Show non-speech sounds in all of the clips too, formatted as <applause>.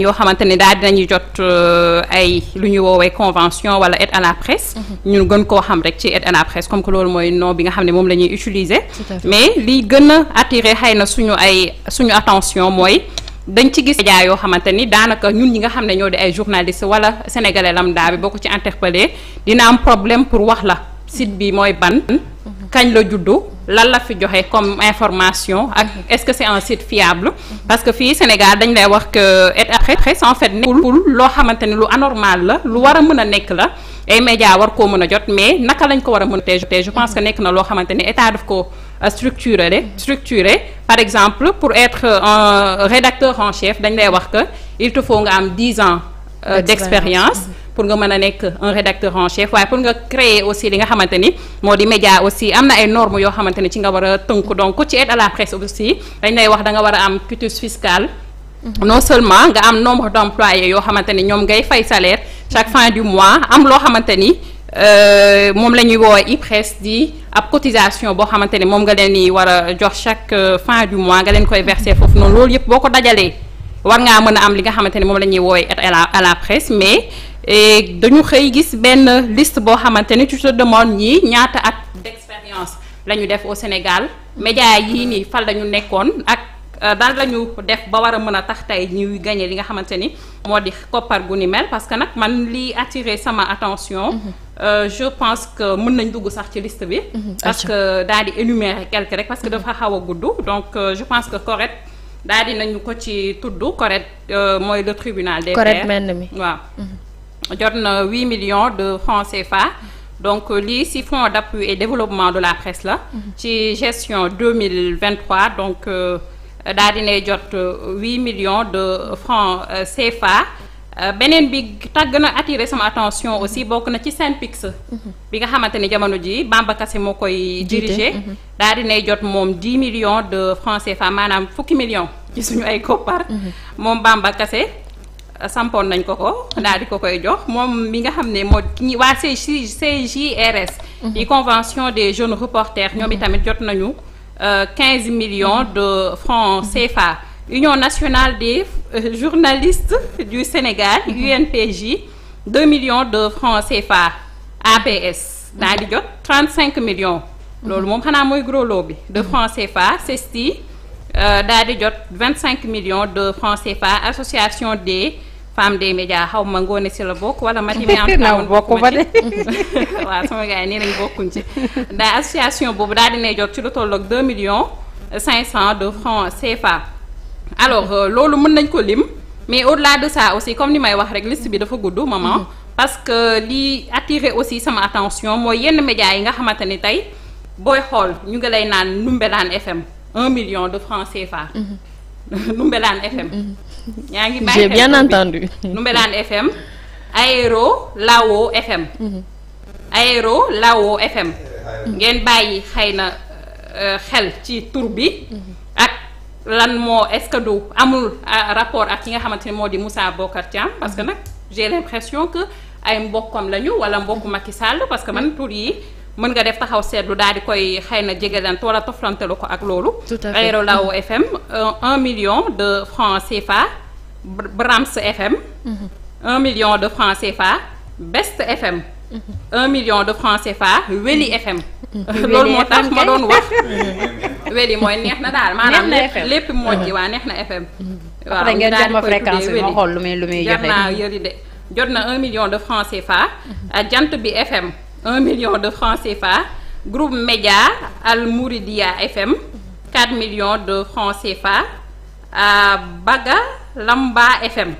yoo xamante ne daal dinañu jot euh, ay lu ñuy woowee convention wala aide à la presse mhm. ñun gën koo xam rek ci aide à la presse comme que loolu mooy nom bi nga xam ne moom la ñuy mais li gën a attirer xëy na suñu ay suñu attention mooy dañ ci gis média yoo xamante ni daanaka ñun ñi nga xam ne ñoo di ay journaliste wala sénégalais lambda bi boo ko ci interpellé dina am problème pour wax la site bi mooy ban mhm. kañ la juddu lan la fi joxe comme information ak est-ce que c'est un site fiable parce que fii Sénégal dañ lay wax que après en fait nekkul loo xamante ni lu anormal la lu war a mën a nekk la ay média war koo mën a jot mais naka lañ ko war a mën a te je pense que nekk na loo xamante ni état daf ko de euh, structuré par exemple pour être euh, un rédacteur en chef dañ lay wax que il te faut nga am dix ans euh, d'expérience pour nga mën a nekk un rédacteur en chef waaye pour nga créer aussi li nga xamante ni moo di média aussi am na ay normes yoo xamante ni ci nga war a tënk donc ci aide à la presse aussi dañ lay wax da nga war a am culture fiscale. Mhm. non seulement nga am nombre d' yoo xamante ni ñoom ngay fay salaire chaque fin du mois am loo xamante ni. Euh, moom la ñuy woowee IPRES di ab cotisation boo xamante ne moom nga leen di war a jox chaque euh, fin du mois nga leen koy verser foofu noonu yëpp boo ko dajalee war ngaa mën a am li nga xamante ne moom la ñuy woowee à la à mais. et dañu xëy gis benn liste boo xamante ni tu te ñii ñaata at d'expérience la ñu def au Sénégal média yii nii fan lañu nekkoon ak euh, daal la ñu def ba war a mën a tax tey ñuy gagné li nga xamante ni moo di koppar gu mel parce que nag man li attiré sama attention. Mhm. Euh, je pense que mën nañ dugg sax ci liste bi. Mhm. parce que daal di énumérer quelque rek parce que dafa xaw a gudd donc euh, je pense que correct daal di nañu ko ci tudd correct euh, mooy le tribunal de pairs correct mel mi waaw. Mhm. jot na huit millions de francs CFA donc euh, lii si fonds d'appui et développement de la presse la. Mhm. ci gestion deux mille vingt trois donc euh, daal dinay jot euh, huit millions de francs CFA. beneen bi tàgg na attiré sama attention aussi mhm. bokk na ci Synpics mhm. bi nga xamante ni jamono ji Bamba Kassé moo koy diriger daal dinay jot moom 10 millions de francs CFA maanaam fukki millions ci suñu ay koppar moom Bamba sampoon nañ ko ko daal di ko koy jox moom mi nga xam ne moo ñi waa CJ CJRS yi mhm. convention des jeunes reporters ñoom mhm. tamit jot nañu euh, quinze millions de francs mhm. CFA union nationale des euh, journalistes du Sénégal UNPJ deux millions de francs CFA APS daal di jot trente cinq millions loolu moom xanaa mooy gros bi de francs CFA CESTI euh, daal di jot vingt cinq millions de francs CFA association des femme des médias xaw ma ngoone si la bokk wala mati mi am bokk ba de <laughs> waaw sama gars yi nii lañ bokkuñ ci daa association boobu daal dinay jot ci lu tolloog deux millions cinq cent de francs CFA alors euh, loolu mën nañ ko lim mais au la de ça aussi comme ni may wax rek liste bi dafa gudd maman mm-hmm. parce que lii attiré aussi sama attention mooy yenn médias yi nga xamante ni tey booy xool ñu ngi lay naan Ndoumbelane FM un million de francs CFA mm-hmm. <laughs> Ndoumbelane FM mm-hmm. <laughs> yaa ngi bàyyi xel j'ai bien entendu. <laughs> Ndoumbédane FM Aéro Lao FM. Mhm. Aéro Lao FM. ngeen bàyyi xëy na euh, xel ci tur bi. Mhm. ak lan moo est-ce que du amul euh, rapport ak ki nga xamante ne moo di musaa Bocar caam parce que mhm. nag j'ai l'impression que ay mbokkam lañu wala mbokku Macky Sall parce que man tur yi. mën nga def taxaw seetlu daal di koy xëy na jegelante wala toflantelu ko ak loolu. Aérolaw FM million de francs CFA. Brams FM. un million de francs CFA. Best FM. un million de francs CFA. Mm-hmm. Weli FM. Mm-hmm. Mm-hmm. <laughs> loolu moo tax ma doon wax. <laughs> Weli mooy neex na daal maanaam lépp moo ji waa neex na FM. waaw après lu muy lu muy de jot na un million de francs CFA. jant bi FM. un million de francs CFA group média Al Mouridia FM 4 millions de francs CFA à Baga Lamba FM.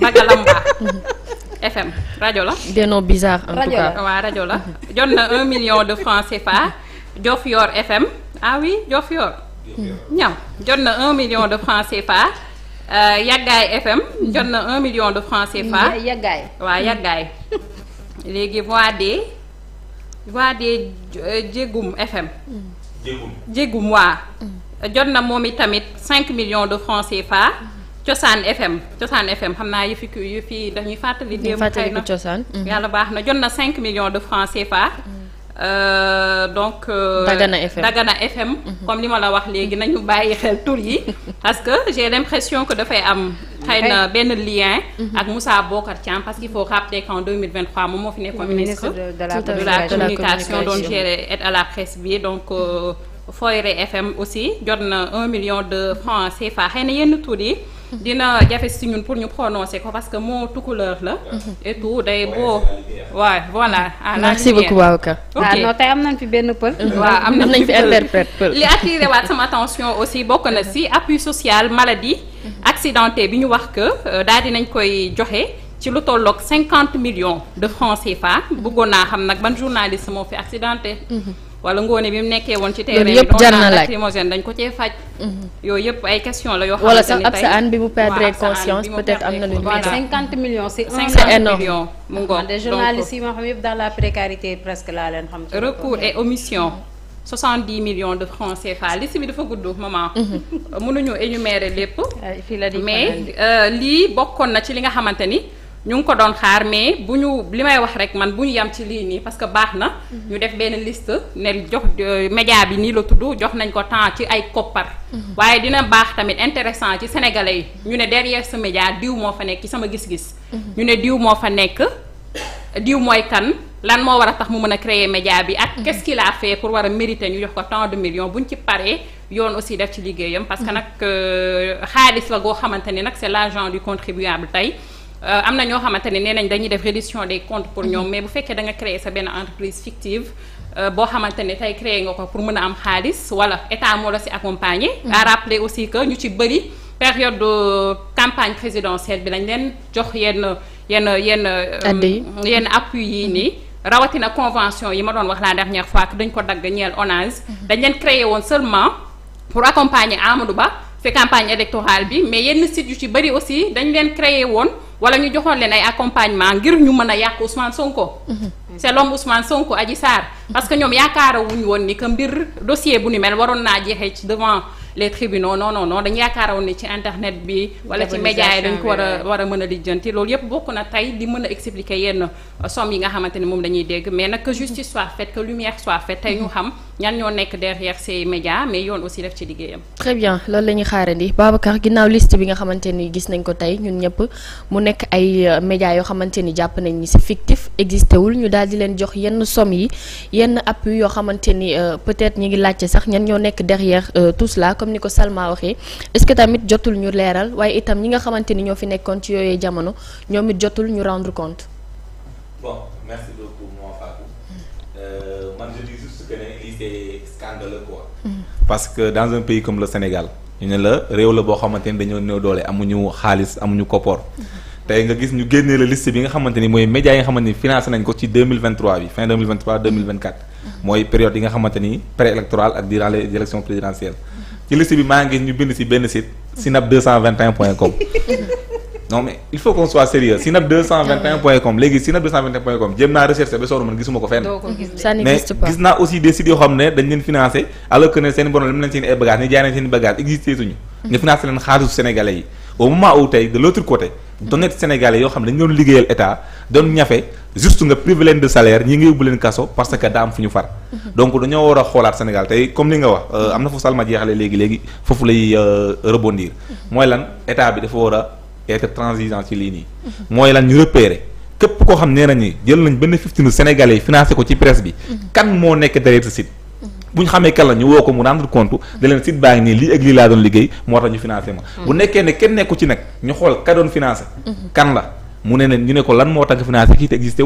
Baga Lamba. <laughs> FM rajo la. des noms bizarres en tout rajo la jot na 1 million de francs CFA Diofior FM ah oui Diofior. ñaw jot na 1 million de francs CFA. Euh, Yaggaay FM jot na 1 million de francs CFA. Yaggaay waaw Yaggaay. léegi voix de voix de euh, Jégum FM. Jégum Jégum waa. jot na moom itamit cinq millions de francs CFA. Cosaan FM Cosaan FM xam naa yu fi yu fi dañuy fàttali. démb xëy na Cosaan. Mm-hmm. yàlla baax na jot na 5 millions de francs CFA. Mm-hmm. Euh, donc. Euh, Dagana FM Dagana FM. Mm mm-hmm. comme li ma la wax léegi nañu bàyyi xel tur yi. <laughs> parce que j'ai l'impression que dafay am. xëy na benn lien mhm. ak Moussa Bocar Thiam parce qu'il faut rappeler qu'en 2023 moom moo fi nekkoon ministre de la communication doon gérer aide à la presse bi donc euh, Foire FM aussi jot na un million de francs CFA xëy na yenn tuuti yi dina jafe si ñun pour ñu prononcer ko parce que mot tukulaar la. et tout day boo. waaw ah. voilà ah merci beaucoup Babacar. waaw ah, non tey am nañ fi benn pël. waaw am nañ fi interprète pël li attiré waat sama attention aussi bokk na si appui social maladie. accidenté bi ñu wax que euh, daal nañ koy joxe. ci lu tollook cinquante millions de francs CFA bëggoon naa xam nag ban journaliste moo fi accidenté. Mhm. wala ngoone bi mu nekkee woon ci terrain bi yëpp jar na laaj dañ ko cee faj mhm. yooyu yëpp ay question la yoo xam ne wala sax ab sa an bi mu perdre conscience peut-être am na lu mu ngoog ah, des de francs CFA liste bi dafa mhm. ah, euh, lii bokkoon na ci li nga xamante ni ñu ngi ko doon xaar mais bu ñu li may wax rek man bu ñu yam ci lii nii parce que baax na. Mhm. ñu def benn liste ne jox euh, média bi nii la tudd jox nañ ko temps ci ay koppar. Mhm. waaye dina baax tamit intéressant ci sénégalais yi ñu ne derrière sa média diw moo fa nekk ci sama gis-gis. Mhm. ñu ne diw moo fa nekk diw mooy kan. lan moo war a tax mu mën a créer média bi ak qu'est-ce qu'il a pour war a mériter ñu jox ko tant de million bu ñu ci paree yoon aussi def ci liggéeyam parce que nag euh, xaalis la goo xamante ni nag c'est l'argent du contribuable tey Euh, am na ñoo xamante ne nee nañ dañuy def reddition des comptes pour ñoom mais bu fekkee da nga créer sa benn entreprise fictive euh, boo xamante ne tey créer nga ko pour mën a am xaalis wala état moo la si accompagner. Mm. à rappeler aussi que ñu ci bëri période de campagne présidentielle bi lañ leen jox yenn yenn yenn. Euh, yenn appui yi nii. rawatina convention yi ma doon wax la dernière fois que dañ ko dagg ñeel ONAS. Mm-hmm. dañ leen créer woon seulement pour accompagner Amadou Ba si campagne électorale bi mais yenn sites yu ci bëri aussi dañ leen créer woon. wala ñu joxoon leen ay accompagnement ngir ñu mën a yàq Ousmane Sonko. Mhm. c'est l'homme Ousmane Sonko Adji Sarr. parce que ñoom yaakaarawuñu woon ni que mbir dossier bu ni mel waroon naa jeexee ci devant les tribunaux non non non dañu yaakaaroon ne ci internet bi. wala ci média yi dañ ko war a war a mën a lijjanti loolu yëpp bokk na tey di mën a expliquer yenn somme yi nga xamante ni moom dañuy dégg mais nag que justice soit faite que lumière soit faite tey ñu xam. ñan ñoo nekk derrière ces médias mais yoon aussi def ci liggéeyam. très bien loolu la ñuy xaarandi Babacar ginnaaw list bi nga xamante ni gis nañ ko tey ñun ñëpp mu nekk ay euh, médias yoo xamante ni jàpp nañ ni c'est fictif wul ñu daal di leen jox yenn somme yi yenn appui yoo xamante ni euh, peut-être ñu ngi laajte sax ñan ñoo nekk derrière euh, tout cela comme ni ko Salma waxee est-ce que tamit jotul ñu leeral waaye itam ñi nga xamante ni ñoo fi nekkoon ci yooyee jamono ñoom it jotul ñu rendre compte. merci beaucoup Mame Fatou mm. euh, que ne lii c'est scandaleux mm. parce que dans un pays comme le Sénégal ñu ne la réew la boo xamante ni dañoo néew doole amuñu xaalis amuñu koppoor. Mm-hmm. tey nga gis ñu génnee la liste bi nga xamante ni mooy médias yi nga xamante ni financé nañ ko ci deux mille vingt trois bi fin deux mille vingt trois mm-hmm. deux mille vingt quatre. Mm-hmm. mooy période yi nga xamante ni préélectorale ak durant les élections présidentielles. ci liste bi maa ngi ñu bind si benn site. sinap deux cent vingt et un point com. non mais il faut qu'on soit sérieux sinab ah 221 point com léegi sinab 221 point com jéem naa recherché ba sooru man gisuma ko fenn mais gis naa aussi des sites yoo xam ne dañ leen financé alors que ne seen borom lim nañ seen ay bagages ni jaay nañ seen bagage existé suñu mm-hmm. nga financé leen xaalisu sénégalais yi au moment où tey de l'autre côté mm-hmm. donnet sénégalais yoo xam ne dañ doon liggéeyal état doon ñafe juste nga privé leen de salaire ñi nga yóbbu leen kaso parce que daa am fu ñu far mm-hmm. donc dañoo war a xoolaat Sénégal tey comme li nga wax euh, am na fu Salma jeexale léegi léegi foofu lay euh, rebondir mooy lan état bi dafa war a être transigeant ci lii nii. mooy lan ñu repérer képp koo xam nee nañu jël nañ benn fiftinu sénégalais financé ko ci presse bi. kan moo nekk derrière site. bu ñu xamee kan la ñu woo ko mu rendre compte da site baa ngi nii lii ak lii laa doon liggéey moo tax financé ma. bu nekkee ne kenn nekku ci nag ñu xool ka doon financé. kan la mu ne leen ñu ne ko lan moo tax financé kii te existé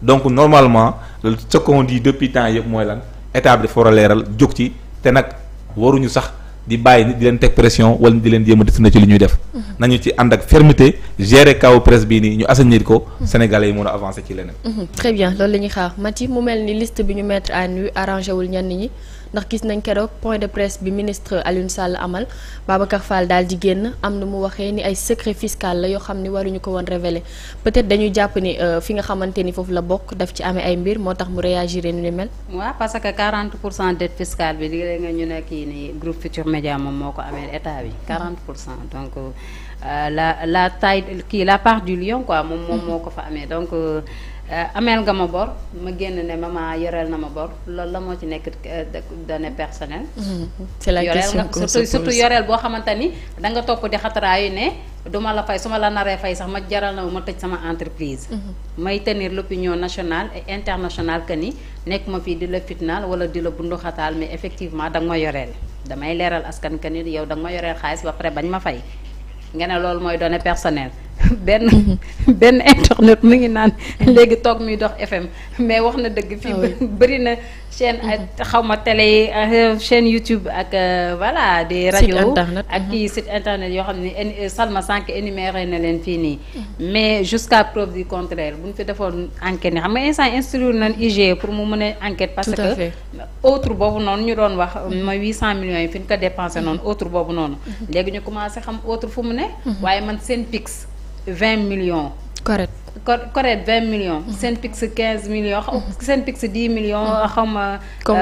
donc normalement ce qu'on depuis temps yëpp mooy lan état bi dafa a di bàyyi di leen teg pression wala di leen jéem a def ñuy def. nañu ci ànd ak fermeté gérer kaw presse bii nii ñu assainir ko. Sénégalais yi mën a ci leneen. Mhm, très bien loolu ñuy xaar Mati mu mel ni liste bi ñu mettre à nu arrangé wul ñi. ndax gis nañ keroog point de presse bi ministre Alioune Sall amal Babacar Fall daal di génn am na mu waxee ni ay secret fiscal la yoo xam ni waruñu ko woon révéler peut-être dañuy jàpp ni euh, fi nga xamante ni foofu la bokk daf ci amee ay mbir moo tax mu réagir nu ni mel. waaw parce que 40 pour cent dette fiscale bi léeg nga ñu ne kii nii groupe Futur Média moom moo ko amee état bi 40 pour cent donc. Euh, la la taille kii la part du lion quoi moom moom moo ko fa amee donc. Euh, Euh, ameel nga ma bor ma génn ne ma maman yoreel na ma bor loolu la moo ci nekk euh, données personnelles. Mm-hmm. c'est la question que surtout surtout yoreel boo xamante ni da nga topp di xataraayu ne duma la fay su ma la naree fay sax ma jaral na ma tëj sama entreprise. Mm-hmm. may tenir l'opinion nationale et internationale que ni nekk ma fii di la fitnaal wala di la bunduxataal mais effectivement da nga ma yoreel damay leeral askan que ni yow da nga ma yoreel xaalis ba pare bañ ma fay nga ne loolu mooy données personnelles. <laughs> benn <laughs> benn internet mu ngi naan <laughs> léegi toog muy dox FM mais wax na dëgg. fi ah bëri na chaîne mhm. xaw ma télé yi euh, chaîne YouTube ak euh, voilà des rajo ak mhm. kii site internet yoo xam ne euh, Salma sànq énuméré na leen fii nii. Mhm. mais jusqu'à preuve du contraire bu ñu fi defoon enquête ni xam nga instant instruire nañ IG pour mu mën a enquête. parce que autre boobu noonu ñu doon wax. ma 800 million yi fi ñu ko dépensé noonu autre boobu noonu. léegi ñu commencé xam autre fu mu waaye man seen pix. vingt millions. correct. correct vingt millions. Mhm. Senpix quinze millions. Mhm. Senpix dix millions xaw ma.